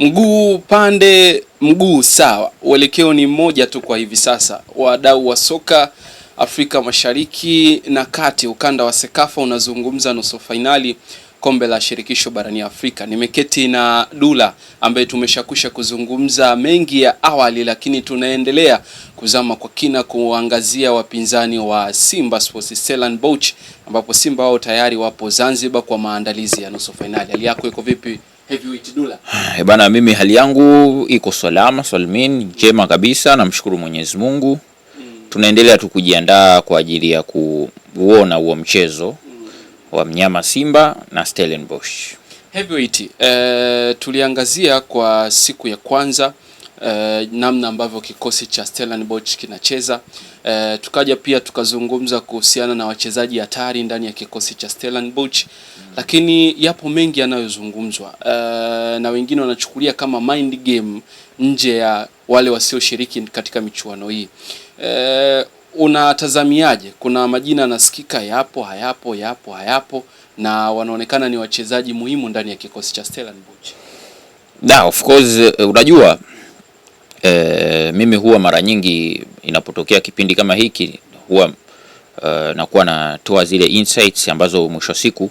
Mguu pande mguu sawa, uelekeo ni mmoja tu kwa hivi sasa. Wadau wa soka Afrika Mashariki na Kati, ukanda wa Sekafa unazungumza nusu fainali kombe la shirikisho barani Afrika. Nimeketi na Dula ambaye tumeshakwisha kuzungumza mengi ya awali, lakini tunaendelea kuzama kwa kina kuangazia wapinzani wa Simba Sports Stellenbosch, ambapo Simba wao tayari wapo Zanzibar kwa maandalizi ya nusu fainali. Hali yako iko vipi? Heavyweight Dulla. Eh, bana mimi hali yangu iko salama salmin njema kabisa, namshukuru Mwenyezi Mungu mm. Tunaendelea tu kujiandaa kwa ajili ya kuuona huo mchezo mm. wa mnyama Simba na Stellenbosch Heavyweight. Eh, tuliangazia kwa siku ya kwanza eh, namna ambavyo kikosi cha Stellenbosch kinacheza eh, tukaja pia tukazungumza kuhusiana na wachezaji hatari ndani ya kikosi cha Stellenbosch mm. Lakini yapo mengi yanayozungumzwa eh, na wengine wanachukulia kama mind game nje ya wale wasioshiriki katika michuano hii eh, unatazamiaje? Kuna majina yanasikika, yapo hayapo, yapo hayapo, na wanaonekana ni wachezaji muhimu ndani ya kikosi cha Stellenbosch. Na of course, eh, unajua E, mimi huwa mara nyingi inapotokea kipindi kama hiki huwa Uh, nakuwa natoa zile insights ambazo mwisho siku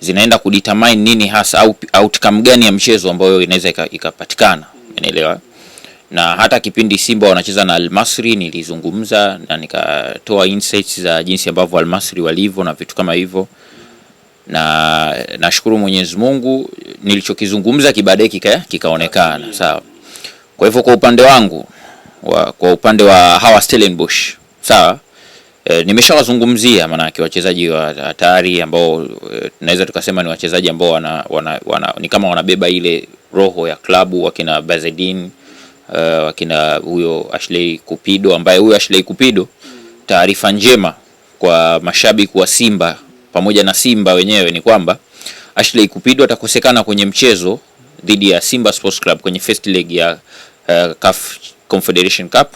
zinaenda kudetermine nini hasa au outcome gani ya mchezo ambayo inaweza ikapatikana, unaelewa. Na hata kipindi Simba wanacheza na Almasri nilizungumza na nikatoa insights za jinsi ambavyo Almasri walivyo na vitu kama hivyo, na nashukuru Mwenyezi Mungu nilichokizungumza kibadeki kikaonekana sawa. Kwa hivyo kwa upande wangu wa, kwa upande wa hawa Stellenbosch sawa, e, nimeshawazungumzia maanake wachezaji wa hatari ambao e, tunaweza tukasema ni wachezaji ambao wana, wana, wana, ni kama wanabeba ile roho ya klabu wakina Bazedin uh, eh, wakina huyo Ashley Kupido ambaye huyo Ashley Kupido, taarifa njema kwa mashabiki wa Simba pamoja na Simba wenyewe ni kwamba Ashley Kupido atakosekana kwenye mchezo dhidi ya Simba Sports Club kwenye first leg ya uh, CAF Confederation Cup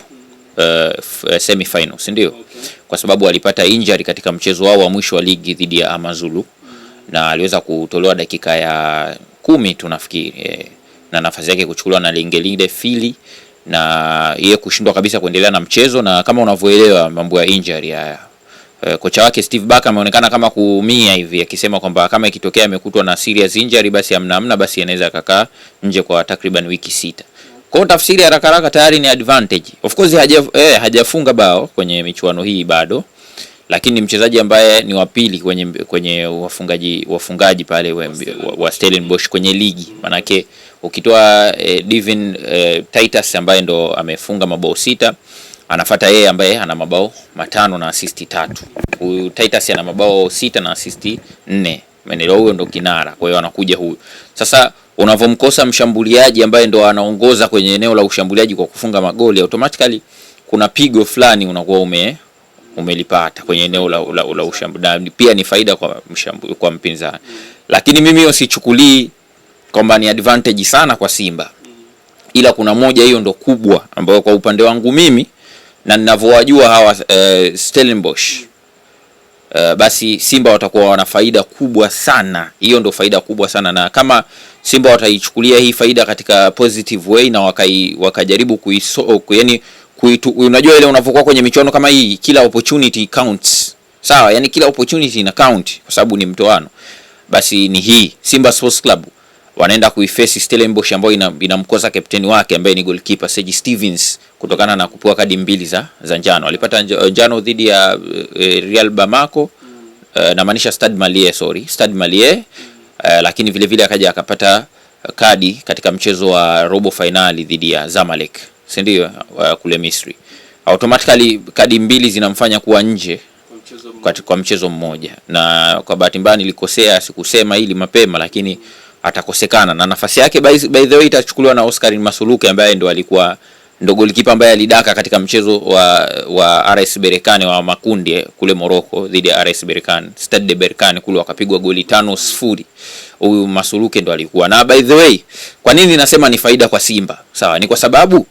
uh, uh semi final, si ndio? Okay. Kwa sababu alipata injury katika mchezo wao wa mwisho wa ligi dhidi ya Amazulu mm. na aliweza kutolewa dakika ya kumi tunafikiri eh, na nafasi yake kuchukuliwa na Lingelinde Fili na yeye kushindwa kabisa kuendelea na mchezo, na kama unavyoelewa mambo ya injury haya eh, kocha wake Steve Barker ameonekana kama kuumia hivi akisema kwamba kama ikitokea amekutwa na serious injury basi amna amna, basi anaweza akakaa nje kwa takriban wiki sita. Kwa hiyo tafsiri haraka haraka tayari ni advantage. Of course haja, eh, hajafunga bao kwenye michuano hii bado, lakini mchezaji ambaye ni wa pili kwenye, kwenye wafungaji wafungaji pale wa, wa Stellenbosch kwenye ligi manake ukitoa eh, Devin eh, Titus ambaye ndo amefunga mabao sita anafata yeye ambaye ana mabao matano na asisti tatu. Huyu Titus ana mabao sita na asisti nne. Umeelewa? Huyo ndo kinara, kwa hiyo anakuja huyo. Sasa unavomkosa mshambuliaji ambaye ndo anaongoza kwenye eneo la ushambuliaji kwa kufunga magoli, automatically kuna pigo fulani unakuwa ume umelipata kwenye eneo la, la, la ushambuliaji, pia ni faida kwa mshambu, kwa mpinzani. Lakini mimi usichukulii kwamba ni advantage sana kwa Simba, ila kuna moja hiyo ndo kubwa ambayo kwa upande wangu mimi na ninavyowajua hawa uh, Stellenbosch uh, basi Simba watakuwa wana faida kubwa sana. Hiyo ndio faida kubwa sana, na kama Simba wataichukulia hii faida katika positive way na wakai, wakajaribu kuiso, yani kuitu, unajua ile unavokuwa kwenye michuano kama hii, kila opportunity counts, sawa? Yani kila opportunity ina count kwa sababu ni mtoano. Basi ni hii Simba Sports Club wanaenda kuifesi Stellenbosch ambayo inamkosa ina, kapteni wake ambaye ni goalkeeper Sage Stevens kutokana na kupewa kadi mbili za za njano. Alipata eh, njano dhidi ya e, Real Bamako mm. e, na maanisha Stade Malie, sorry Stade Malie mm. e, lakini vile vile akaja akapata kadi katika mchezo wa robo finali dhidi ya Zamalek, si ndio? Kule Misri, automatically kadi mbili zinamfanya kuwa nje kwa mchezo mmoja, na kwa bahati mbaya nilikosea, sikusema hili mapema, lakini mm atakosekana na nafasi yake by, by the way itachukuliwa na Oscar Masuluke ambaye ndo alikuwa ndo golikipa ambaye alidaka katika mchezo wa, wa RS Berkane wa makundi kule Morocco dhidi ya RS Berkane, Stade de Berkane kule wakapigwa goli tano sifuri. Huyu Masuluke ndo alikuwa na. By the way, kwa nini nasema ni faida kwa Simba? Sawa, ni kwa sababu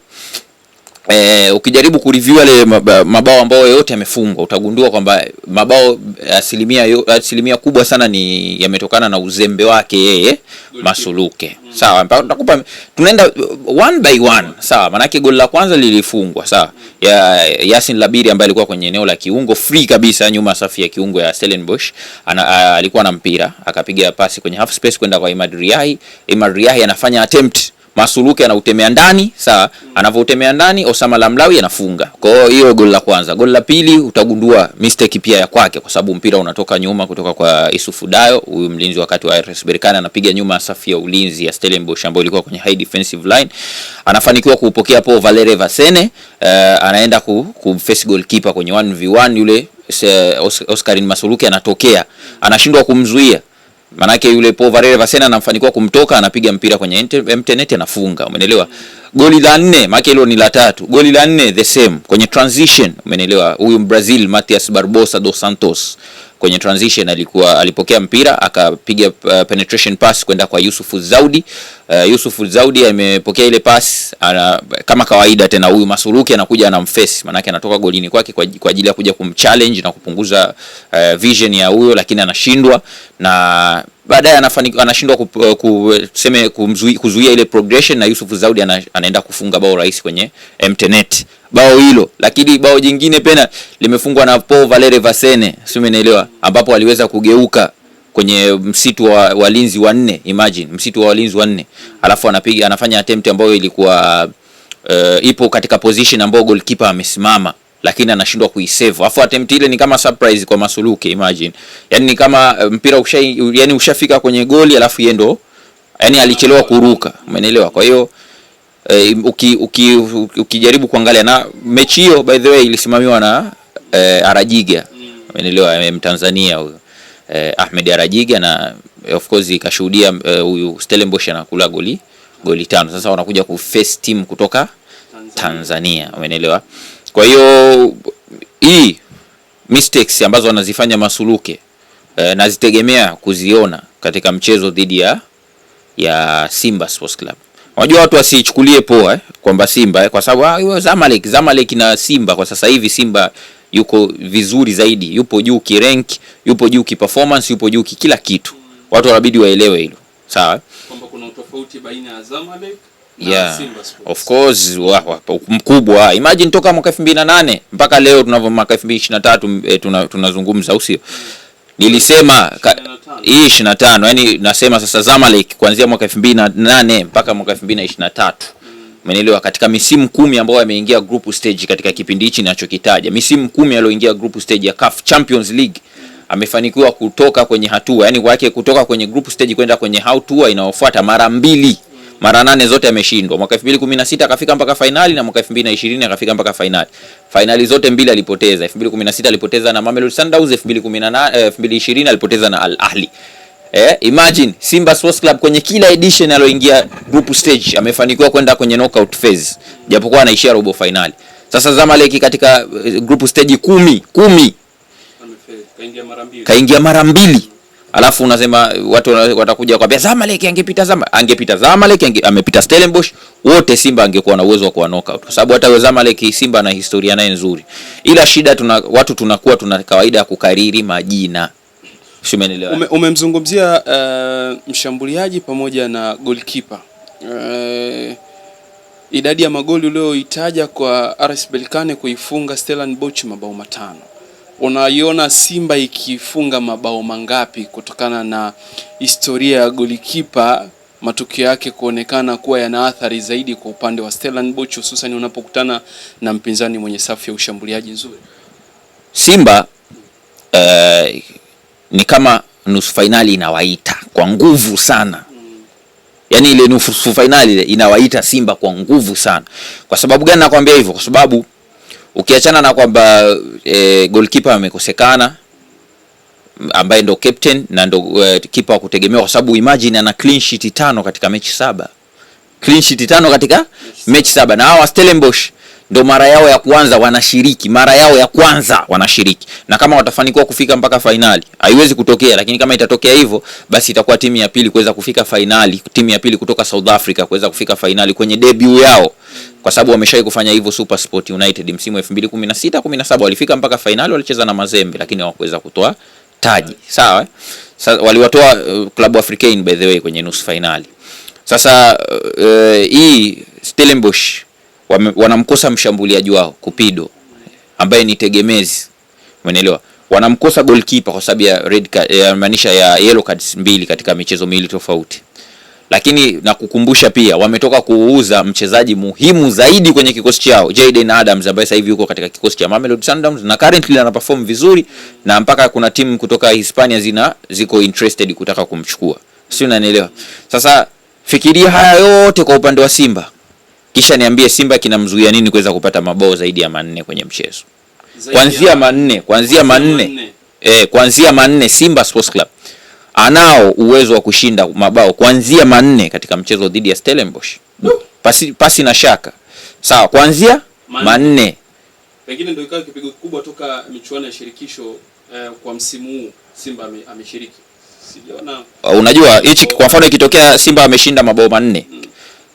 E, ukijaribu kureview yale mabao ambayo yote yamefungwa utagundua kwamba mabao asilimia, asilimia kubwa sana ni yametokana na uzembe wake yeye Masuluke. Sawa, nitakupa tunaenda one by one. Sawa, manake goli la kwanza lilifungwa sawa ya Yasin Labiri ambaye alikuwa kwenye eneo la kiungo free kabisa nyuma safi ya kiungo ya Stellenbosch alikuwa na mpira akapiga pasi kwenye half space kwenda kwa Imad Riahi. Imad Riahi anafanya attempt Masuluke anautemea ndani, sawa. Anavyotemea ndani Osama Lamlawi anafunga. Kwa hiyo hiyo goli la kwanza. Goli la pili utagundua mistake pia ya kwake kwa sababu mpira unatoka nyuma kutoka kwa Isufu Dayo, huyu mlinzi wakati wa RS Berkane anapiga nyuma safi ya ulinzi ya Stellenbosch ambayo ilikuwa kwenye high defensive line. Anafanikiwa kuupokea po Valere Vasene, uh, anaenda ku, ku face goalkeeper kwenye 1v1 yule eh, Oscarin Masuluke anatokea. Anashindwa kumzuia Manake yule Paul Varela Vassena anamfanikiwa kumtoka, anapiga mpira kwenye mtenet anafunga, umeelewa? Goli la nne, manake hilo ni la tatu. Goli la nne the same kwenye transition, umeelewa? Huyu Brazil Matias Barbosa dos Santos kwenye transition alikuwa alipokea mpira akapiga uh, penetration pass kwenda kwa Yusufu Zaudi. Uh, Yusufu Zaudi amepokea ile pass ana, kama kawaida tena huyu Masuruki anakuja anamface, maana anatoka golini kwake kwa ajili ya kuja kumchallenge na kupunguza uh, vision ya huyo, lakini anashindwa na baadaye anafanikiwa anashindwa kuseme kuzuia ile progression na Yusuf Zaudi anaenda kufunga bao rahisi kwenye mtenet bao hilo, lakini bao jingine pena limefungwa na Paul Valere Vasene, si umeelewa, ambapo aliweza kugeuka kwenye msitu wa walinzi wanne, imagine msitu wa walinzi wanne, alafu anapiga anafanya attempt ambayo ilikuwa uh, ipo katika position ambayo goalkeeper amesimama lakini anashindwa kuisave. Afu attempt ile ni kama surprise kwa Masuluke, imagine. Yani ni kama eh, mpira usha, yani ushafika kwenye goli alafu yeye ndo yani alichelewa kuruka, umeelewa? Kwa hiyo eh, uki, uki, uki, ukijaribu kuangalia na mechi hiyo by the way ilisimamiwa na eh, Arajiga, umeelewa? Eh, Mtanzania huyo Eh, Ahmed Arajiga na eh, of course ikashuhudia huyu eh, Stellenbosch anakula goli goli tano. Sasa wanakuja ku face team kutoka Tanzania, umeelewa? Kwa hiyo hii mistakes ambazo wanazifanya Masuluke e, nazitegemea kuziona katika mchezo dhidi ya ya Simba Sports Club. Unajua watu wasichukulie poa eh, kwamba Simba eh, kwa sababu ah, Zamalek Zamalek na Simba kwa sasa hivi Simba yuko vizuri zaidi, yupo juu ki rank, yupo juu ki performance, yupo juu ki kila kitu. Watu wanabidi waelewe hilo, sawa, kwamba kuna utofauti baina ya Zamalek yeah. Simba Of course mkubwa, imagine toka mwaka 2008 mpaka leo tunavyo mwaka 2023 eh, tunazungumza, tuna au sio? Nilisema hii 25, yani nasema sasa Zamalek kuanzia mwaka 2008 mpaka mwaka 2023 mm. Umenielewa, katika misimu kumi ambayo ameingia group stage katika kipindi hichi ninachokitaja, misimu kumi aliyoingia group stage ya CAF Champions League amefanikiwa kutoka kwenye hatua, yani wake kutoka kwenye group stage kwenda kwenye hatua inayofuata mara mbili mara nane zote ameshindwa. Mwaka 2016 akafika mpaka fainali na mwaka 2020 akafika mpaka fainali. Fainali zote mbili alipoteza. 2016 alipoteza na Mamelodi Sundowns, 2018 eh, 2020 alipoteza na Al Ahli. Eh, imagine Simba Sports Club kwenye kila edition aloingia group stage amefanikiwa kwenda kwenye knockout phase japokuwa anaishia robo finali. Sasa Zamalek katika eh, group stage kumi, kumi kaingia mara mbili Alafu unasema watu watakuja kwambia Zamalek angepita Zama angepita Zamalek ange, amepita Stellenbosch wote Simba angekuwa na uwezo wa kuwa knockout kwa sababu hata Zamalek Simba ana historia naye nzuri. Ila shida tuna, watu tunakuwa tuna kawaida ya kukariri majina. Umeelewa? Ume, umemzungumzia uh, mshambuliaji pamoja na goalkeeper. Uh, idadi ya magoli uliyoitaja kwa RS belkane kuifunga Stellenbosch mabao matano. Unaiona Simba ikifunga mabao mangapi kutokana na historia ya golikipa matukio yake kuonekana kuwa yana athari zaidi kwa upande wa Stellenbosch, hususan unapokutana na mpinzani mwenye safu ya ushambuliaji nzuri. Simba uh, ni kama nusu fainali inawaita kwa nguvu sana Yaani ile nusu fainali inawaita Simba kwa nguvu sana. Kwa sababu gani nakwambia hivyo? Kwa sababu ukiachana na kwamba e, goalkeeper amekosekana ambaye ndo captain na ndo e, eh, kipa wa kutegemewa, kwa sababu imagine ana clean sheet tano katika mechi saba, clean sheet tano katika mechi saba, na hawa Stellenbosch ndo mara yao ya kwanza wanashiriki, mara yao ya kwanza wanashiriki, na kama watafanikiwa kufika mpaka fainali, haiwezi kutokea, lakini kama itatokea hivyo, basi itakuwa timu ya pili kuweza kufika fainali, timu ya pili kutoka South Africa kuweza kufika fainali kwenye debut yao, kwa sababu wameshawahi kufanya hivyo Super Sport United msimu 2016 17, walifika mpaka fainali, walicheza na Mazembe lakini hawakuweza kutoa taji. Sawa, sasa eh? waliwatoa uh, Club African by the way kwenye nusu fainali. Sasa hii uh, uh, hii Stellenbosch wanamkosa mshambuliaji wao Kupido ambaye ni tegemezi, umeelewa? Wanamkosa goalkeeper kwa sababu ya red card, ya maanisha ya yellow cards mbili katika michezo miwili tofauti. Lakini na kukumbusha pia wametoka kuuza mchezaji muhimu zaidi kwenye kikosi chao Jayden Adams ambaye sasa hivi yuko katika kikosi cha Mamelodi Sundowns na currently ana perform vizuri na mpaka kuna timu kutoka Hispania zina ziko interested kutaka kumchukua. Sio, unanielewa? Sasa fikiria haya yote kwa upande wa Simba kisha niambie Simba kinamzuia nini kuweza kupata mabao zaidi ya manne kwenye mchezo, kuanzia manne, kuanzia manne, eh, kuanzia manne. Simba Sports Club anao uwezo wa kushinda mabao kuanzia manne katika mchezo dhidi ya Stellenbosch pasi, pasi na shaka. Sawa, kuanzia manne pengine ndio ikawa kipigo kikubwa toka michuano ya shirikisho eh, kwa msimu huu Simba ameshiriki. Sijaona, unajua hichi kwa mfano ikitokea Simba ameshinda mabao manne mm.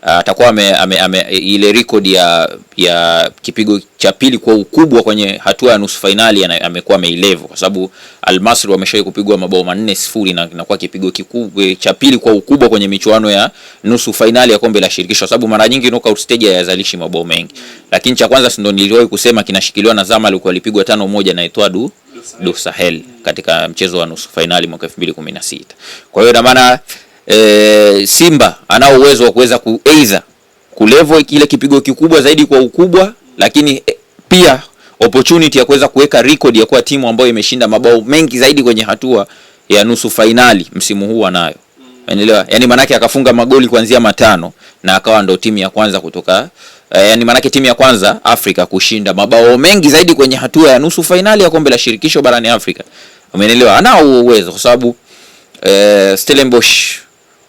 Ah, atakuwa ile record ya, ya kipigo cha pili kwa ukubwa kwenye hatua ya nusu fainali amekuwa ameilevo kwa sababu Al-Masry wameshawahi kupigwa mabao manne sifuri na inakuwa kipigo kikubwa eh, cha pili kwa ukubwa kwenye michuano ya nusu fainali ya kombe la shirikisho, kwa sababu mara nyingi knockout stage hayazalishi mabao mengi. Lakini cha kwanza, ndio niliwahi kusema, kinashikiliwa na Zamalek, walipigwa tano moja na Etoile du Sahel katika mchezo wa nusu fainali mwaka 2016. Kwa hiyo na maana e, Simba anao uwezo wa kuweza ku kulevo ile kipigo kikubwa zaidi kwa ukubwa, lakini e, pia opportunity ya kuweza kuweka record ya kuwa timu ambayo imeshinda mabao mengi zaidi kwenye hatua ya nusu fainali msimu huu anayo. Unaelewa? Yaani manake akafunga magoli kuanzia matano na akawa ndo timu ya kwanza kutoka e, yaani manake timu ya kwanza Afrika kushinda mabao mengi zaidi kwenye hatua ya nusu fainali ya kombe la shirikisho barani Afrika. Umeelewa? Anao uwezo kwa sababu e, Stellenbosch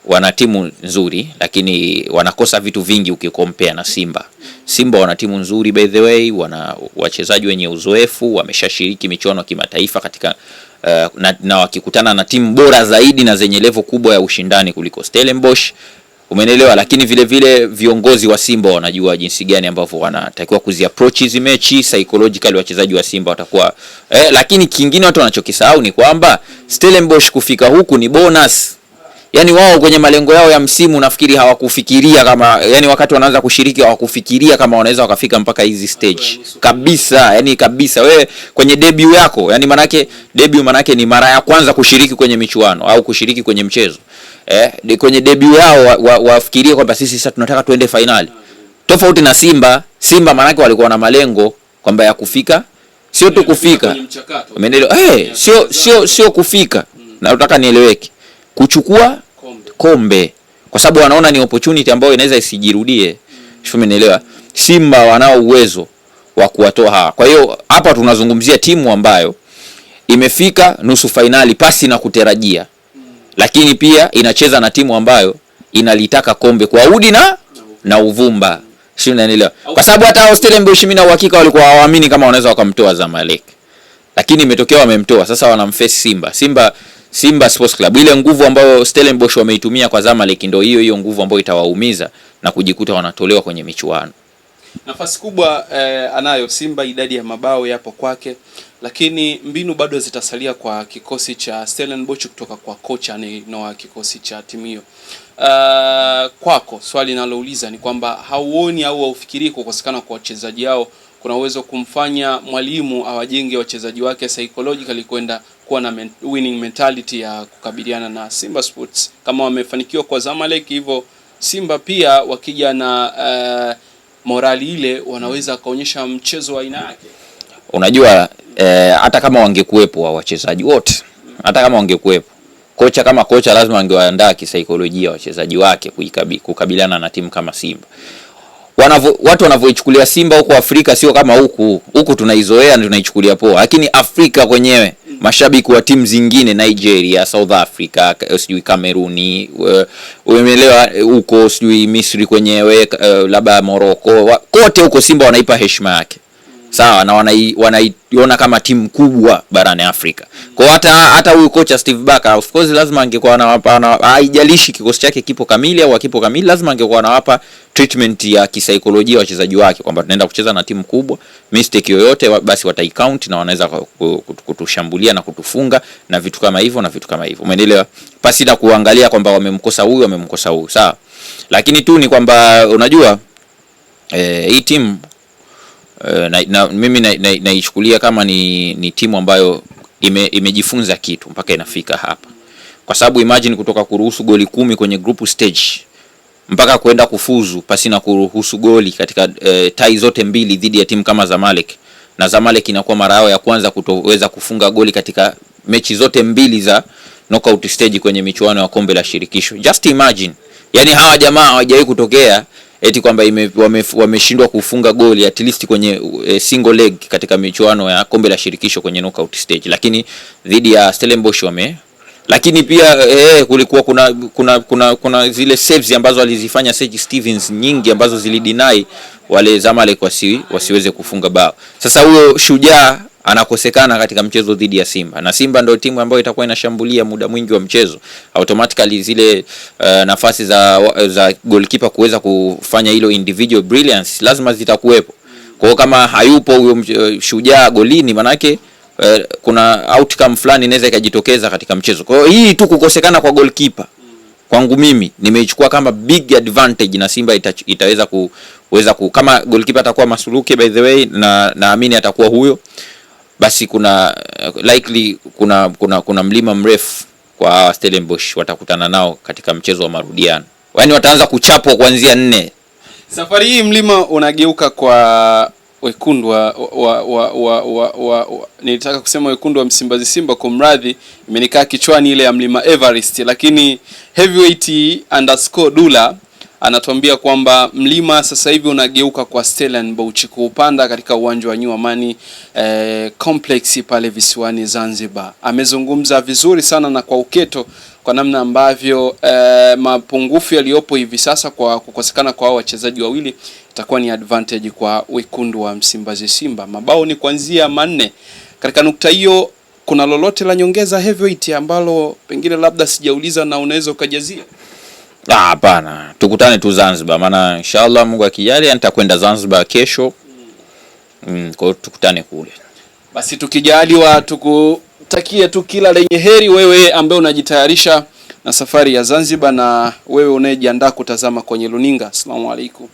wana timu nzuri lakini wanakosa vitu vingi ukikompea na Simba. Simba wana timu nzuri by the way, wana wachezaji wenye uzoefu, wameshashiriki michuano ya kimataifa katika uh, na, na wakikutana na timu bora zaidi na zenye levo kubwa ya ushindani kuliko Stellenbosch. Umeelewa? Lakini vile vile viongozi wa Simba wanajua jinsi gani ambavyo wanatakiwa kuziapproach hizi mechi psychologically, wachezaji wa Simba watakuwa eh, lakini kingine watu wanachokisahau ni kwamba Stellenbosch kufika huku ni bonus yani wao kwenye malengo yao ya msimu nafikiri hawakufikiria kama, yani wakati wanaanza kushiriki hawakufikiria kama wanaweza wakafika mpaka hizi stage kabisa, yani kabisa. Wewe kwenye debut yako, yani manake debut manake ni mara ya kwanza kushiriki kwenye michuano au kushiriki kwenye mchezo eh, ni kwenye debut yao wafikirie wa, wa kwamba sisi sasa tunataka tuende finali tofauti na Simba. Simba manake walikuwa na malengo kwamba ya kufika sio tu kufika, umeendelea Eh, sio sio sio kufika, mm. na utaka nieleweke kuchukua kombe, kombe. Kwa sababu wanaona ni opportunity ambayo inaweza isijirudie. Mm. Sio, mmenielewa? Simba wanao uwezo wa kuwatoa hawa. Kwa hiyo hapa tunazungumzia timu ambayo imefika nusu fainali pasi na kutarajia, mm. lakini pia inacheza na timu ambayo inalitaka kombe kwa udi na na uvumba, sio, unaelewa? Kwa sababu hata Australia mbeshi na uhakika walikuwa hawaamini kama wanaweza wakamtoa Zamalek, lakini imetokea wamemtoa. Sasa wanamface Simba. Simba Simba Sports Club, ile nguvu ambayo Stellenbosch wameitumia kwa Zamalek ndio hiyo hiyo nguvu ambayo itawaumiza na kujikuta wanatolewa kwenye michuano. Nafasi kubwa eh, anayo Simba, idadi ya mabao yapo kwake, lakini mbinu bado zitasalia kwa kikosi cha Stellenbosch kutoka kwa kocha anayeinoa kikosi cha timu hiyo. Uh, kwako swali nalouliza ni kwamba hauoni au haufikirii kukosekana kwa wachezaji hao kuna uwezo kumfanya mwalimu awajenge wachezaji wake psychologically kwenda kuwa na men winning mentality ya kukabiliana na Simba Sports kama wamefanikiwa kwa Zamalek, hivyo Simba pia wakija na uh, morali ile wanaweza kaonyesha mchezo wa aina yake. Unajua eh, hata kama wangekuwepo wa wachezaji wote, hata kama wangekuwepo kocha kama kocha, lazima angewaandaa kisaikolojia wachezaji wake kukabiliana na timu kama Simba wanavo, watu wanavyoichukulia Simba huko Afrika sio kama huku. Huku tunaizoea na tunaichukulia poa, lakini Afrika kwenyewe mm. mashabiki wa timu zingine Nigeria, South Africa, eh, sijui Kameruni, eh, umeelewa, eh, huko sijui Misri kwenyewe, labda Morocco, kote huko Simba wanaipa heshima yake sawa na wanaiona kama timu kubwa barani Afrika. Kwa hata hata huyu kocha Steve baka of course lazima angekuwa anawapa, haijalishi kikosi chake kipo kamili au akipo kamili, lazima angekuwa anawapa treatment ya kisaikolojia wachezaji wake kwamba tunaenda kucheza na timu kubwa, mistake yoyote basi wataicount na wanaweza kutushambulia na kutufunga na vitu kama hivyo na vitu kama hivyo, umeelewa? Pasi na kuangalia kwamba wamemkosa huyu wamemkosa huyu, sawa. Lakini tu ni kwamba unajua eh, hii timu Eh, na, na, mimi naichukulia na, na kama ni, ni timu ambayo ime, imejifunza kitu mpaka inafika hapa, kwa sababu imagine kutoka kuruhusu goli kumi kwenye group stage mpaka kwenda kufuzu pasi na kuruhusu goli katika e, tai zote mbili dhidi ya timu kama Zamalek, na Zamalek inakuwa mara yao ya kwanza kutoweza kufunga goli katika mechi zote mbili za knockout stage kwenye michuano ya kombe la shirikisho. Just imagine, yani hawa jamaa hawajawahi kutokea eti kwamba wameshindwa wame kufunga goli at least kwenye e, single leg katika michuano ya kombe la shirikisho kwenye knockout stage, lakini dhidi ya Stellenbosch wame lakini pia e, kulikuwa kuna, kuna, kuna, kuna zile saves ambazo alizifanya Sage Stevens nyingi ambazo zilidinai wale Zamalek wasi, wasiweze kufunga bao. Sasa huyo shujaa anakosekana katika mchezo dhidi ya Simba, na Simba ndio timu ambayo itakuwa inashambulia muda mwingi wa mchezo. Automatically zile uh, nafasi za, za goalkeeper kuweza kufanya hilo individual brilliance lazima zitakuwepo. Kwa kama hayupo huyo eh, shujaa golini, manake uh, kuna outcome fulani inaweza ikajitokeza katika mchezo. Kwa hii tu kukosekana kwa goalkeeper kwangu mimi nimeichukua kama big advantage na Simba ita, itaweza ku, ku kama goalkeeper atakuwa Masuluke by the way, na naamini atakuwa huyo basi kuna likely kuna, kuna, kuna mlima mrefu kwa hawa Stellenbosch watakutana nao katika mchezo wa marudiano, yaani wataanza kuchapwa kuanzia nne. Safari hii mlima unageuka kwa wekundu wa, wa, wa, wa, wa, wa, wa. Nilitaka kusema wekundu wa Msimbazi Simba, kwa mradhi, imenikaa kichwani ile ya mlima Everest, lakini Heavyweight underscore Dula anatuambia kwamba mlima sasa hivi unageuka kwa Stellenbosch kuupanda katika uwanja wa New Amani eh, complex pale visiwani Zanzibar. Amezungumza vizuri sana na kwa uketo kwa namna ambavyo eh, mapungufu yaliyopo hivi sasa kwa kukosekana kwa wachezaji wawili itakuwa ni advantage kwa wekundu wa Msimbazi Simba. Mabao ni kuanzia manne. Katika nukta hiyo kuna lolote la nyongeza Heavyweight ambalo pengine labda sijauliza na unaweza ukajazia? Ah, hapana, tukutane tu Zanzibar, maana inshallah Mungu akijali nitakwenda Zanzibar kesho. Mm, kwa hiyo tukutane kule basi, tukijaliwa tukutakie tu kila lenye heri, wewe ambaye unajitayarisha na safari ya Zanzibar na wewe unayejiandaa kutazama kwenye luninga. Asalamu alaykum.